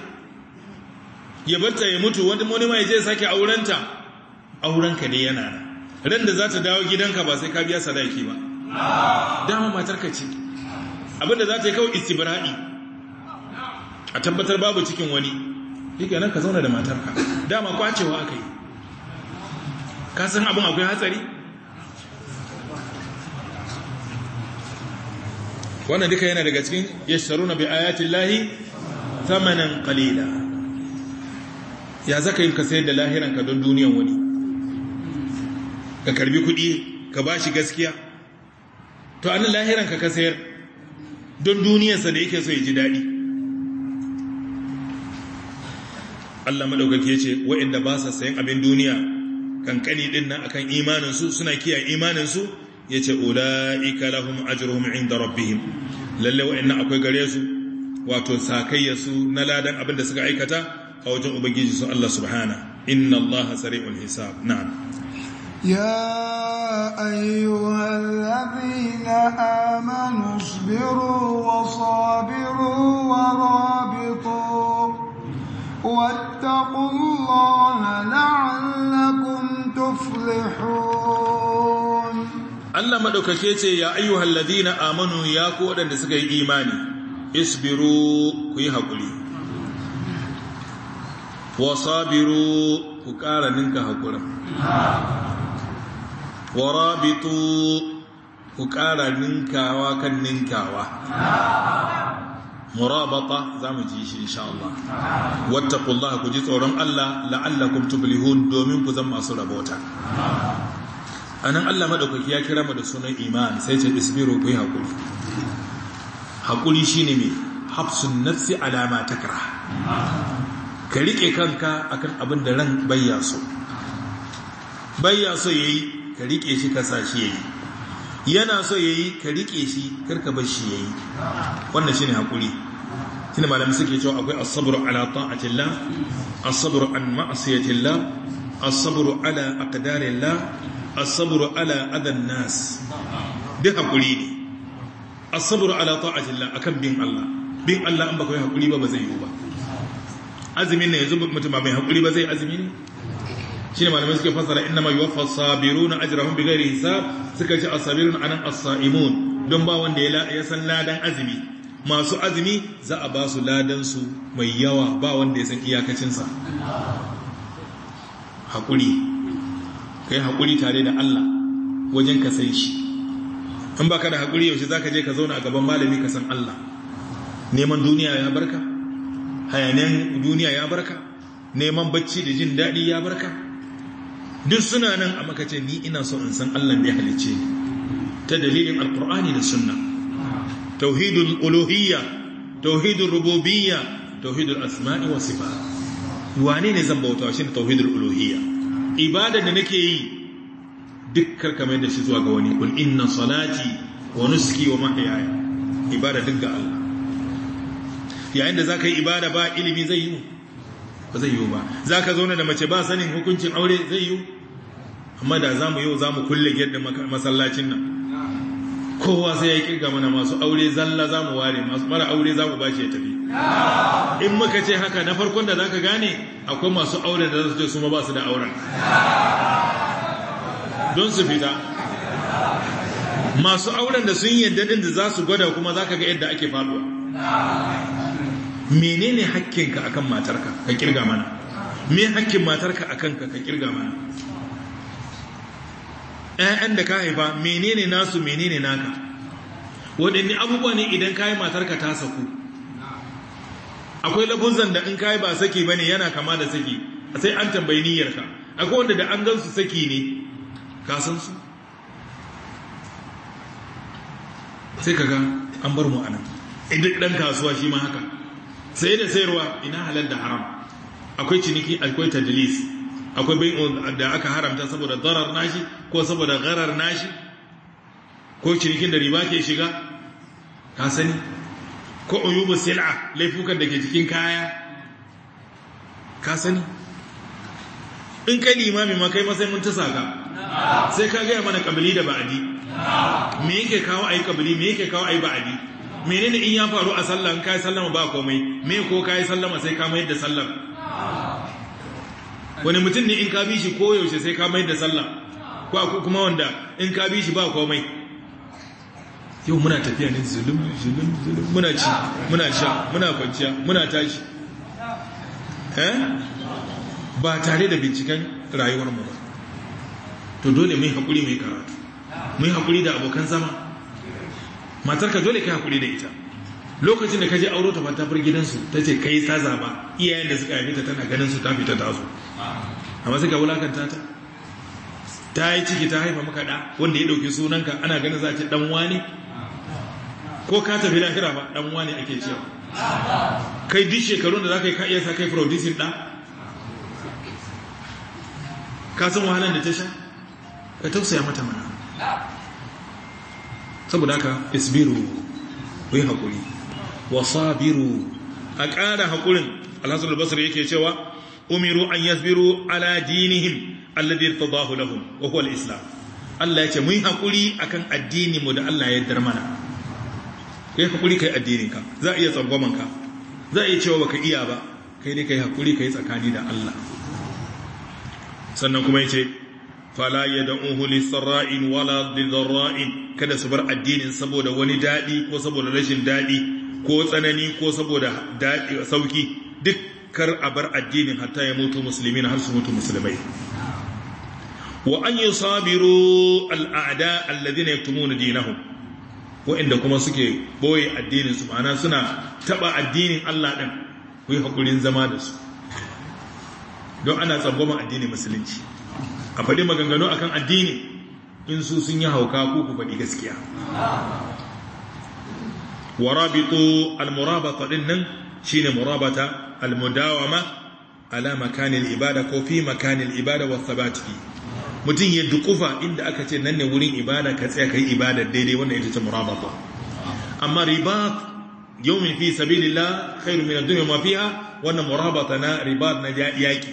ya barta ya mutu wani ma ya je sake aurenta aurenka ne yana nan ran da za ta dawo gidanka ba sai ka biya sadaki ba dama matarka ce abinda za ta yi kawai istibra'i a tabbatar babu cikin wani yake nan ka zauna da matarka dama kwacewa aka yi ka san abin akwai hatsari wannan duka yana daga cikin yashtaruna bi ayatin lahi thamanan kalila ya zaka yi ka sayar da lahiranka don duniyan wani ka karbi kuɗi ka ba shi gaskiya to anan lahiran ka sayar don duniyarsa da yake so ya ji daɗi Allah maɗaukaki ce wa'inda ba sa sayan abin duniya kankani ɗin nan akan imaninsu suna kiyaye imaninsu ya ce ula'ika lahum ajruhum inda rabbihim lalle waɗanda akwai gare su wato su na ladan abin da suka aikata a wajen ubangiji su Allah subhana inna Allah sari'ul hisab na'am يا أيها الذين آمنوا اصبروا وصابروا ورابطوا واتقوا الله لعلكم تفلحون Allah madaukake ce ya ayyuhal ladina amanu ya ku wadanda suka yi imani isbiru ku yi hakuri wa sabiru ku ƙara ninka hakurin warabitu ku ƙara ninkawa kan ninkawa murabata za mu ji shi insha Allah wattaqullah ku ji tsoron Allah la'allakum tuflihun domin ku zama masu rabota nan, Allah maɗaukaki ya kira mu da sunan iman sai ce isbiru ku yi hakuri hakuri shine mai hafsun nafsi alama takra ka rike kanka akan abin da ran bayya so bayya so yayi ka riƙe shi ka sa shi ya yi yana so ya yi ka riƙe shi karka bar shi ya yi wannan shi ne haƙuri shi ne malamai suke cewa akwai asaburu ala ta'atillah asaburu an ma'asiyatillah asaburu ala aqdarillah asaburu ala adan nas duk hakuri ne asaburu ala ta'atillah akan bin Allah bin Allah an baka yi hakuri ba ba zai yi ba azumin ne yanzu mutum ba mai hakuri ba zai azumi ne shine malamai suke fasara innama yuwaffa sabiruna ajrahum bighairi hisab suka ce asabirun anan asa'imun don ba wanda ya san ladan azumi masu azumi za a ba su ladan su mai yawa ba wanda ya san iyakacin sa hakuri kai hakuri tare da Allah wajen ka san shi in baka da hakuri yaushe zaka je ka zauna a gaban malami ka san Allah neman duniya ya barka Hayanan duniya ya barka neman bacci da jin daɗi ya barka duk suna nan a makace ni ina so in san Allah da ya halice ta dalilin alqur'ani da sunna tauhidul uluhiyya tauhidur rububiyya tauhidul asma'i wa sifat wane ne zan bauta shi tauhidul uluhiyya ibada da nake yi duk karkamai da shi zuwa ga wani kul inna salati wa nuski wa mahyaya ibada duk ga Allah yayin da zaka yi ibada ba ilimi zai yi ba zai yi ba zaka zauna da mace ba sanin hukuncin aure zai yi amma da za mu yau za mu kulle yadda masallacin nan kowa sai ya kirga mana masu aure zalla za mu ware masu mara aure za mu bashi ya tafi in muka ce haka na farkon da za ka gane akwai masu aure da za su ce su ma ba su da auren don su fita masu auren da sun yi daɗin da za su gwada kuma za ka ga yadda ake faɗuwa. menene hakkinka akan matarka ka kirga mana me hakkin matarka akan ka ka kirga mana yayan da ka haifa menene nasu menene naka waɗanne abubuwa ne idan ka yi matarka ta saku akwai labuzan da in ka yi ba saki ba ne yana kama da saki sai an tambayi niyyarka akwai wanda da an gan su saki ne ka san su sai ka ga an bar mu anan idan eh, ɗan kasuwa shi ma haka sai da sayarwa ina halal da haram akwai ciniki akwai tadilis akwai bai da aka haramta saboda darar nashi ko saboda gharar nashi ko cinikin da riba ke shiga ka sani ko uyubu sil'a laifukan da ke cikin kaya ka sani in kai limami ma kai masai mun tusa ka sai ka gaya mana kabili da ba'adi me yake kawo ayi kabili me yake kawo ayi ba'adi menene in ya faru a sallah in kai sallama ba komai me ko kai sallama sai ka mai da sallah wani mutum ne in ka bi shi koyaushe sai ka mai da sallah ko kuma wanda in ka bi shi ba komai yau muna tafiya ne zulum zulum zulum muna ci muna sha muna kwanciya muna tashi eh? ba tare da binciken rayuwar mu ba to dole mai haƙuri mai karatu mai haƙuri da abokan zama matarka dole kai haƙuri da ita lokacin da ka je auro ta fata ta bar gidansu ta ce kai ta zaba iyayen da suka yi ta tana ganin su ta fita tazo amma sai ka wulakanta ta ta yi ciki ta haifa maka ɗa wanda ya ɗauki sunanka ana ganin za a ce ɗan wani ko ka tafi lahira ba ɗan wani ake cewa kai duk shekarun da za ka yi ka'iya sa kai produsin ɗa ka san wahalar da ta sha ka tausaya mata mana saboda ka isbiru ku yi haƙuri wa sabiru a ƙara haƙurin alhassan albasar yake cewa umiru an yasbiru ala dinihim alladhi irtadahu lahum wa huwa alislam islam Allah ya ce mu yi hakuri akan addini mu da Allah ya dar mana kai hakuri kai addinin ka za a iya tsangwaman ka za a iya cewa baka iya ba kai ne kai hakuri kai tsakani da Allah sannan kuma yace fala yad'uhu lisra'in wala bidarra'in kada su bar addinin saboda wani dadi ko saboda rashin dadi ko tsanani ko saboda sauki duk kar a bar addinin hatta ya mutu musulmi har su mutu musulmai wa an yi sabiru al'ada na ya na dinahu wa'inda kuma suke boye addinin su ma'ana suna taɓa addinin Allah ɗin ku yi haƙurin zama da su don ana tsangwama addinin musulunci a faɗi maganganu akan addini in su sun yi hauka ko ku faɗi gaskiya wa rabitu al-murabata ɗin nan shine murabata almudawama ala makanil ibada ko fi makanil ibada wa thabat mutum ya dukufa inda aka ce nan ne wurin ibada ka tsaya kai ibada daidai wannan ita ce murabata amma ribat min fi sabilillah khairu min ad-dunya wannan murabata na ribat na yaki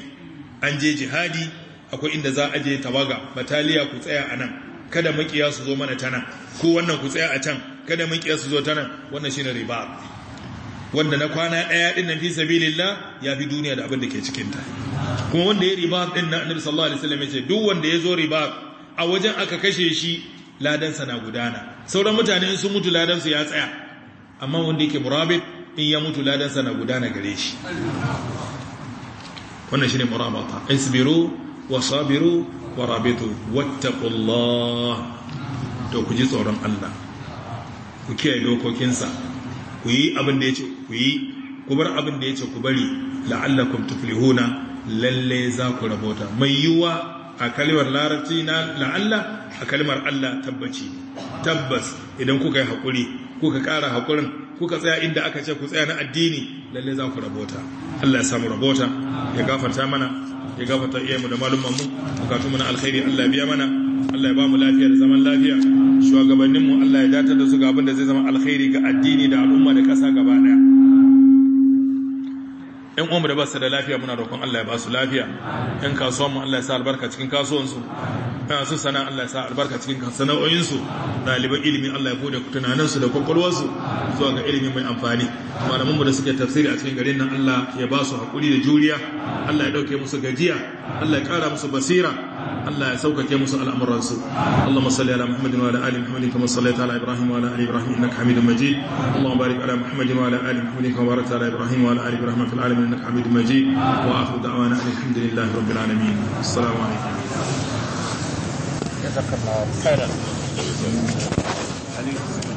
an je jihadi akwai inda za a je tawaga bataliya ku tsaya anan kada makiya su zo mana tana ko wannan ku tsaya a can kada makiya su zo tana wannan shine ribat wanda na kwana ɗaya ɗin nan fi sabilillah ya fi duniya da abin da ke cikinta kuma wanda ya riba ɗin na annabi sallallahu alaihi wasallam ya ce duk wanda ya zo riba a wajen aka kashe shi ladansa na gudana sauran mutane in sun mutu ladan su ya tsaya amma wanda yake murabit in ya mutu ladansa na gudana gare shi wannan shine murabata isbiru wa sabiru wa rabitu wattaqullah to ku ji tsoron Allah ku kiyaye dokokinsa ku yi abin da ya ce ku yi ku bar abin da ya ce ku bari la'allakum tuflihuna lalle za ku rabota mai yiwuwa a kalmar larabci na la'alla a kalmar Allah tabbaci tabbas idan kuka yi haƙuri kuka ƙara haƙurin kuka tsaya inda aka ce ku tsaya na addini lalle za ku rabota Allah ya samu rabota ya gafarta mana ya gafarta iyayenmu da malumanmu bukatu mu na alkhairi Allah biya mana Allah ya ba mu lafiya da zaman lafiya shugabanninmu Allah ya datar da su ga abin da zai zama alkhairi ga addini da al'umma da ƙasa gaba ɗaya yan uwanmu da ba su da lafiya muna roƙon Allah ya ba su lafiya yan kasuwan mu Allah ya sa albarka cikin kasuwansu su sana Allah ya sa albarka cikin sana'o'insu ɗaliban ilimi Allah ya bude tunaninsu da kwakwalwarsu zuwa ga ilimi mai amfani malaman mu da suke tafsiri a cikin garin nan Allah ya ba su haƙuri da juriya Allah ya ɗauke musu gajiya Allah ya ƙara musu basira Allah ya sauƙaƙe musu al'amuransu Allahumma salli ala Muhammadin wa ala Muhammadin kama sallaita ala Ibrahim wa ala Ibrahim innaka Hamidum Majid Allahumma barik ala Muhammadin wa ala Muhammadin kama barakta ala Ibrahim wa ala Ibrahim fil alamin innaka Hamidum Majid wa akhiru da'wana alhamdulillahi rabbil alamin assalamu alaikum جزاك الله خيرا